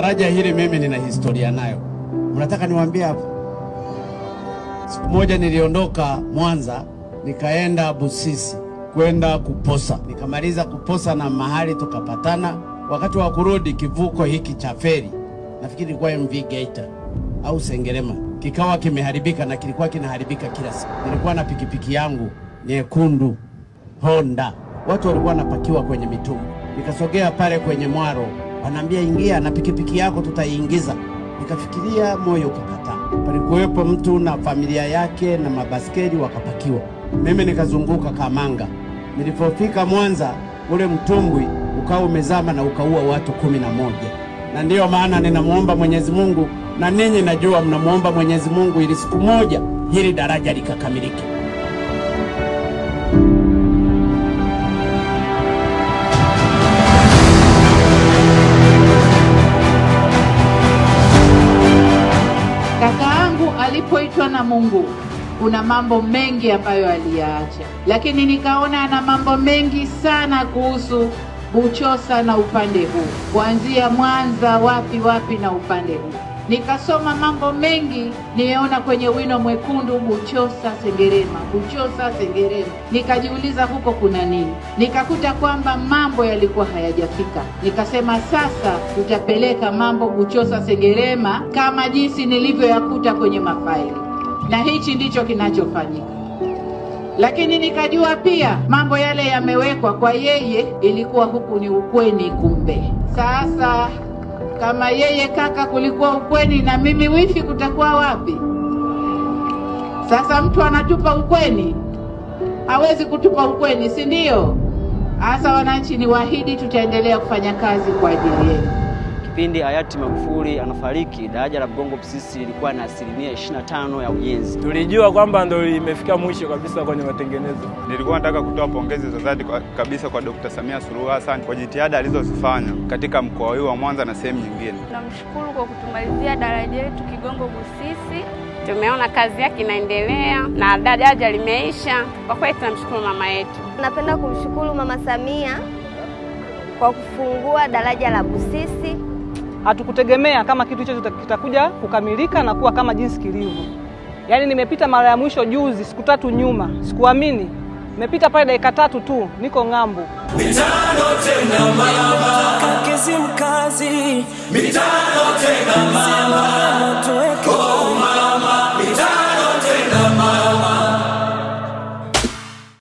Daraja hili mimi nina historia nayo, mnataka niwaambie hapo? Siku moja niliondoka Mwanza nikaenda Busisi kwenda kuposa, nikamaliza kuposa na mahali tukapatana. Wakati wa kurudi kivuko hiki cha feri, nafikiri ilikuwa MV Geita au Sengerema, kikawa kimeharibika na kilikuwa kinaharibika kila siku. Nilikuwa na pikipiki yangu nyekundu Honda, watu walikuwa wanapakiwa kwenye mitumba, nikasogea pale kwenye mwaro anaambia ingia na pikipiki yako tutaiingiza. Nikafikiria moyo ukakataa. Palikuwepo mtu na familia yake na mabaskeli wakapakiwa, mimi nikazunguka Kamanga. Nilipofika Mwanza, ule mtumbwi ukawa umezama na ukaua watu kumi na moja, na ndiyo maana ninamuomba Mwenyezi Mungu na ninyi najua mnamuomba Mwenyezi Mungu ili siku moja hili daraja likakamilike. alipoitwa na Mungu kuna mambo mengi ambayo aliyaacha, lakini nikaona ana mambo mengi sana kuhusu Buchosa na upande huu, kuanzia Mwanza wapi wapi na upande huu nikasoma mambo mengi, niona kwenye wino mwekundu Buchosa Sengerema, Buchosa Sengerema. Nikajiuliza huko kuna nini, nikakuta kwamba mambo yalikuwa hayajafika. Nikasema sasa tutapeleka mambo Buchosa Sengerema kama jinsi nilivyoyakuta kwenye mafaili, na hichi ndicho kinachofanyika lakini nikajua pia mambo yale yamewekwa kwa yeye, ilikuwa huku ni ukweni kumbe. Sasa kama yeye kaka kulikuwa ukweni, na mimi wifi kutakuwa wapi? Sasa mtu anatupa ukweni, hawezi kutupa ukweni, si ndio? Hasa wananchi, ni wahidi tutaendelea kufanya kazi kwa ajili yenu. Kipindi hayati Magufuli anafariki, daraja la Mgongo Busisi lilikuwa na asilimia 25 ya ujenzi. Tulijua kwamba ndo limefika mwisho kabisa kwenye matengenezo. Nilikuwa nataka kutoa pongezi za dhati kabisa kwa Dkt. Samia Suluhu Hassan kwa jitihada alizozifanya katika mkoa huu wa Mwanza na sehemu nyingine. Namshukuru kwa kutumalizia daraja letu Kigongo Busisi tumeona kazi yake inaendelea na daraja limeisha. Kwa kweli tunamshukuru mama yetu. Napenda kumshukuru Mama Samia kwa kufungua daraja la Busisi hatukutegemea kama kitu hicho kitakuja kukamilika na kuwa kama jinsi kilivyo. Yaani nimepita mara ya mwisho juzi siku tatu nyuma, sikuamini. Nimepita pale dakika tatu tu, niko ng'ambo. Mitano tena mama. Kakezi mkazi. Mitano tena mama.